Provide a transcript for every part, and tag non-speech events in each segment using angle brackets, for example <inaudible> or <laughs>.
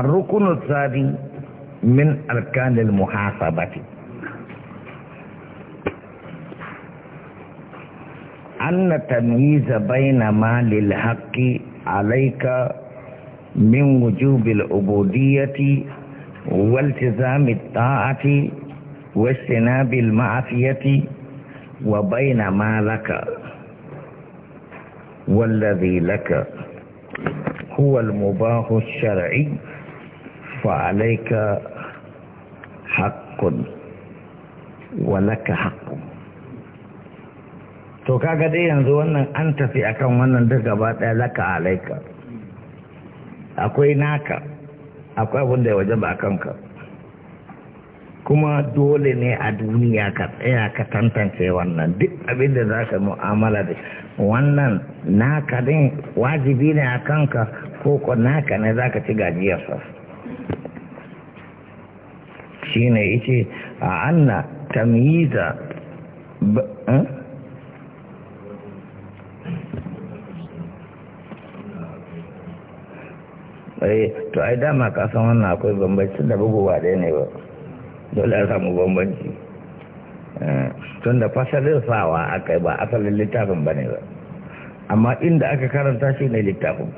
الركن الثاني من أركان المحاسبة أن التمييز بين ما للحق عليك من وجوب العبودية والتزام الطاعة واجتناب المعصية وبين ما لك والذي لك هو المباح الشرعي فعليك حق ولك حق to kaga dai yanzu wannan an tafi akan wannan da gaba ɗaya laka alaika akwai naka akwai abin da ya waje ba kanka kuma dole ne a duniya ka tsaya ka tantance wannan duk abin da za ka mu'amala da wannan naka din wajibi ne a kanka ko ko naka ne za ka ci gajiyarsa ya ce a anna tamyiza eh? Eh, to ai dama ka san wannan akwai bambanci da bugowa ɗaya ne ba dole a samu bambanci eh, tun da fasalin sawa aka ba asalin littafin ba ne ba amma inda aka karanta shi ne littafin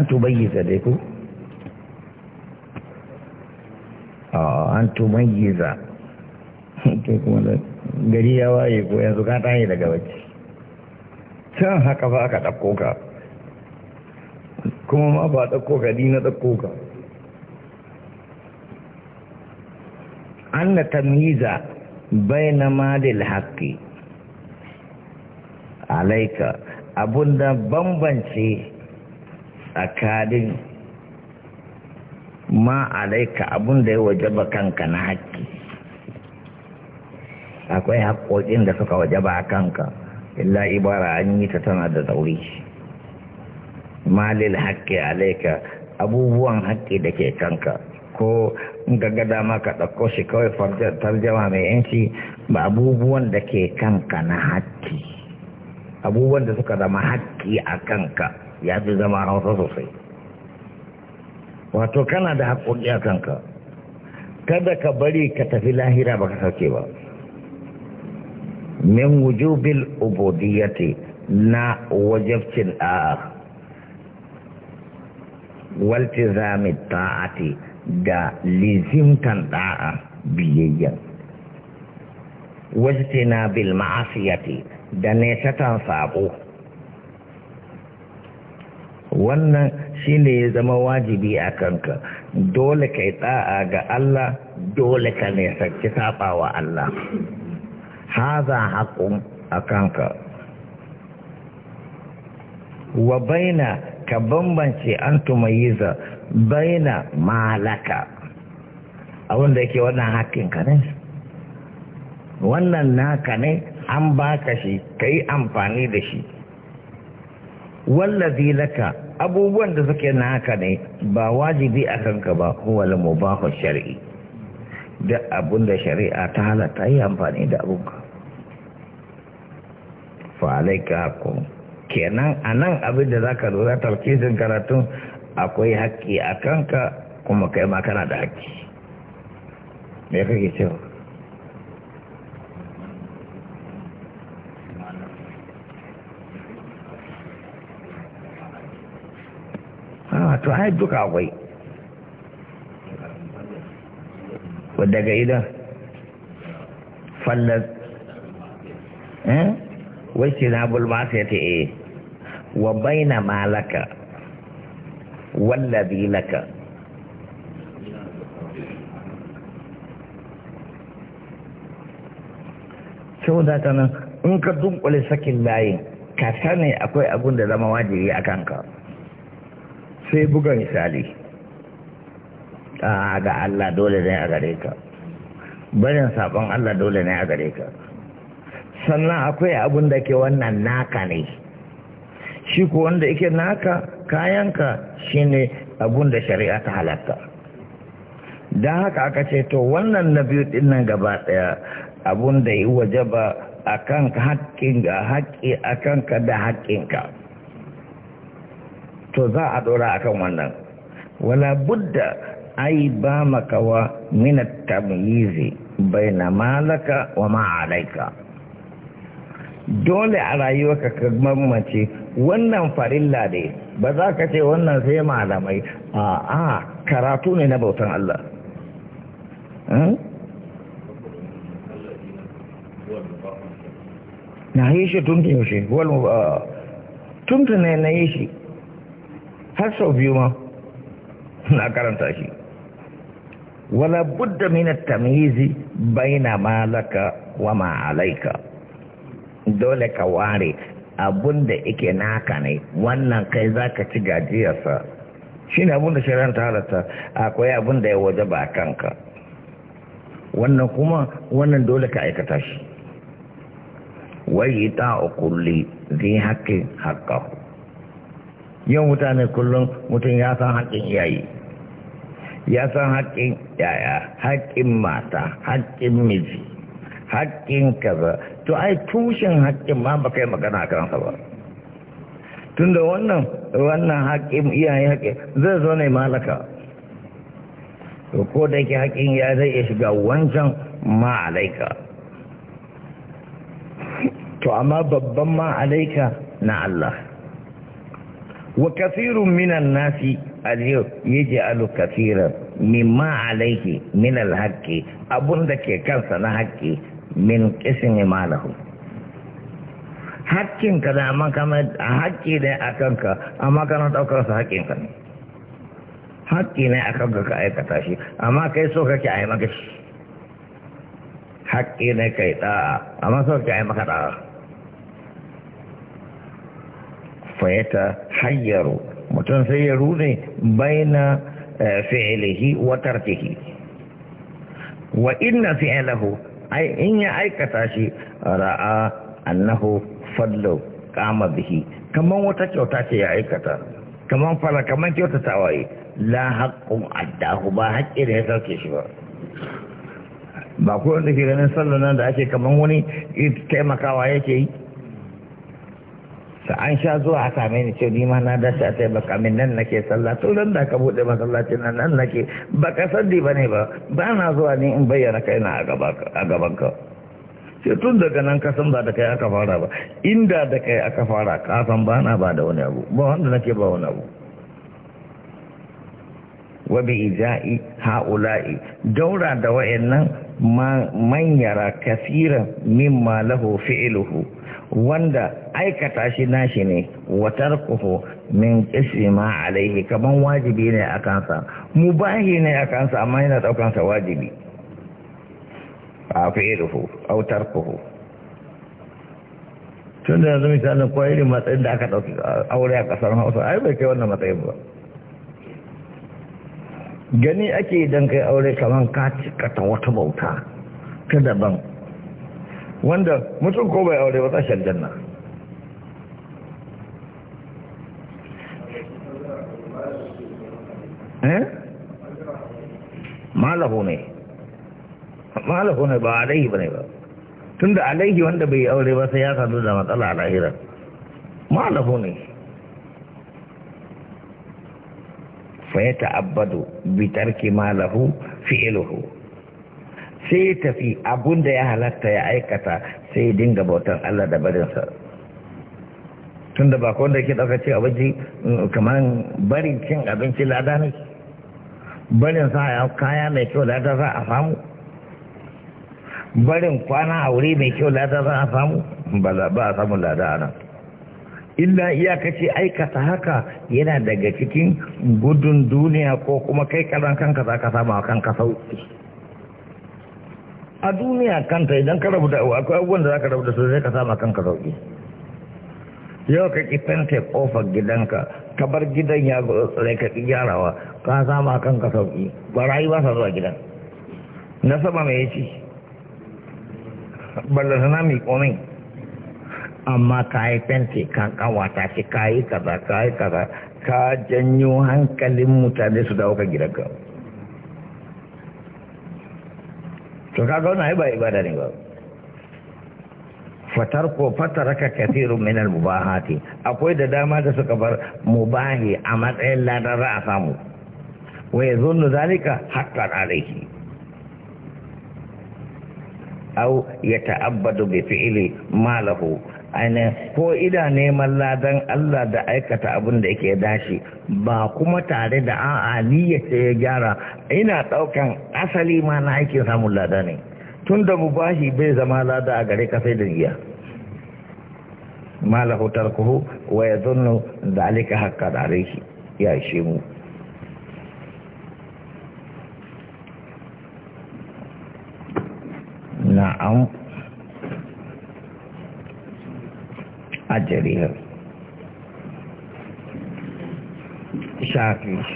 an tubayyiza dai ku an tumayyiza ke <laughs> kuma da gari ya waye ko yanzu ka ta yi daga wacce can haka ba aka dauko ka kuma ma ba dauko ka dina dauko ka an na tamyiza bai na malil haƙƙi alaika abunda bambance tsakanin ma alaika abun da ya wajaba kanka na haƙƙi akwai haƙƙoƙin da suka wajaba a kanka illa ibara an yi ta tana da tsauri malil haƙƙi alaika abubuwan haƙƙi da ke kanka ko gaga dama ka ɗauko shi kawai tarjama mai yanci ba abubuwan da ke kanka na haƙƙi abubuwan da suka zama haƙƙi a kanka ya fi zama hausa sosai wato kana da haƙoƙi a kanka kada ka bari ka tafi lahira ba ka sauke ba min wujubil ubudiyyati na wajabcin da'a waltizami ta'ati da lizimtan da'a biyayya wajtina bil ma'asiyati da nesatan sabo wannan shi ne ya zama wajibi a kanka dole ka yi ɗa'a ga Allah dole ka ne sarki wa Allah haza haƙun a kanka wa baina ka bambance an tumayiza baina malaka abinda yake wannan haƙinka ne wannan naka ne an baka shi ka yi amfani da shi wallazi laka abubuwan da suke na haka ne ba wajibi a kanka ba huwal mubahu shari'i da abun da shari'a ta halatta yi amfani da ka fa alaika kenan a nan abin da za ka lura talkisin karatun akwai haƙƙi a kanka kuma kai ma kana da haƙƙi me kake cewa to ai duka akwai daga idan fallas eh wace na bulma sai ta eh wa baina malaka wallazi laka da ta nan in ka dunkule sakin layin ka sani akwai abun da zama wajibi a kanka sai buga misali a ga Allah dole ne a gare ka barin sabon Allah dole ne a gare ka sannan akwai abun da ke wannan naka ne shi ku wanda yake naka kayanka shine abun da shari'a ta halatta don haka aka ce to wannan na biyu dinnan gaba daya abun da yi wajaba ba haƙƙin ga haƙƙi akan ka da haƙƙinka to za a dora kan wannan wala budda ai ba makawa min at bai baina malaka wa ma alaika. dole a rayuwarka ka mamace wannan farilla ne ba za ka ce wannan sai malamai a a karatu ne na bautan Allah hmm? na yi shi tuntun yaushe tuntun uh, ne na yi shi har sau biyu ma na karanta shi wala budda min at baina ma laka wa ma alayka dole ka ware abunda da yake naka ne wannan kai zaka ci gajiyarsa shine abun da ta halatta akwai abun ya waje ba kanka wannan kuma wannan dole ka aikata shi wai ta kulli zai haƙƙin haƙƙahu yau mutane kullum mutum ya san haƙƙin yayi ya san haƙƙin yaya haƙƙin mata haƙƙin miji haƙƙin kaza to ai tushen haƙƙin ma ba kai magana kansa ba tunda wannan wannan haƙin iyaye haƙin zai zo ne malaka to ko da yake haƙƙin ya zai iya shiga wancan ma alaika to amma babban ma alaika na Allah wa kasirun minan nasi aliyu yaji alu kasiran mimma alaiki? min alhaqqi abun da ke kansa na haƙƙi min qisin malahu haƙƙin ka da amma kama haƙƙi ne a kanka amma kana ɗaukar sa haƙƙin ka ne haƙƙi ne a kanka ka aikata shi amma kai so kake a yi maka shi haƙƙi ne kai ɗa'a amma so kake a yi maka ɗa'a fayata hayyaru mutum sai ya rune baina eh, fi'ilihi wa tarkihi wa inna fi'ilahu ai in ya aikata shi ra'a annahu fadlu qama bihi kaman wata kyauta ce ya aikata kaman fara kaman kyauta tawaye la haqqun addahu ba haƙƙi da ya sauke shi ba ba ko wanda ke ganin sallan nan da ake kaman wani taimakawa yake yi an sha zuwa a same ni ce ni ma na dace a taimaka min nan nake sallah to ran da ka bude masallacin nan nan nake ba ka sandi ba ne ba ba na zuwa ni in bayyana kaina a gaban ka sai tun daga nan kasan ba da kai aka fara ba inda da kai aka fara san ba na ba da wani abu ba wanda nake ba wani abu wa bi ija'i ha'ula'i daura da wa'annan manyara yara kasiran mimma lahu fi'luhu wanda aikata shi nashi ne watar kuhu min ƙisi ma alaihi kaman wajibi ne a kansa mubahi ne a kansa amma yana ɗaukansa wajibi a fi'iluhu autar kuhu tun da yanzu misalin kwayoyin matsayin da aka ɗauki aure a ƙasar hausa ai bai kai wannan matsayin ba gani ake idan kai aure kaman ka cika ta wata bauta ta daban wanda mutum ko bai aure wata aljanna eh malahu ne malahu ne ba alaihi bane ba tunda alaihi wanda bai aure ba sai ya sadu da matsala a lahira malahu ne fa ya ta'abbadu bi tarki malahu iluhu sai tafi abinda ya halatta ya aikata sai dinga bautan Allah da barinsa tun da ba wanda ke ɗauka ce abinci mm, kamar barin cin abinci lada ne barin sa ya kaya mai kyau lada za a samu barin kwana a wuri mai kyau lada za a samu ba a samu lada a nan illa iyakaci aikata haka yana daga cikin gudun duniya ko kuma kai karan kanka za ka samu a kanka sauki a duniya kanta idan ka rabu da akwai abubuwan da za ka rabu da su zai ka sama kanka sauki yau ka ki fente kofar gidanka ka bar gidan ya tsare ka ki gyarawa ka sama kanka sauki ba rayu ba sa zuwa gidan na sama mai yaci balla sana mai komai amma ka yi fente ka kawata shi ka yi kaza ka yi kaza ka janyo hankalin mutane su dawo ka gidanka to kaga wannan ai ba ibada ne ba fatar ko ka kafiru min al-mubahati akwai da dama da suka bar mubahi a matsayin ladan a samu wa yazunnu zalika haqqan alayhi aw yata'abbadu bi fi'li ma lahu aina ko ida neman ladan Allah da aikata abin da yake dashi ba kuma tare da an ce ya gyara ina daukan asali ma na aikin samun lada ne tun da mubashi bai zama lada a gare ka sai da riya malahu tarkuhu wa yadhunnu dhalika haqqan alayhi ya ishe na'am आचार्य शाकृष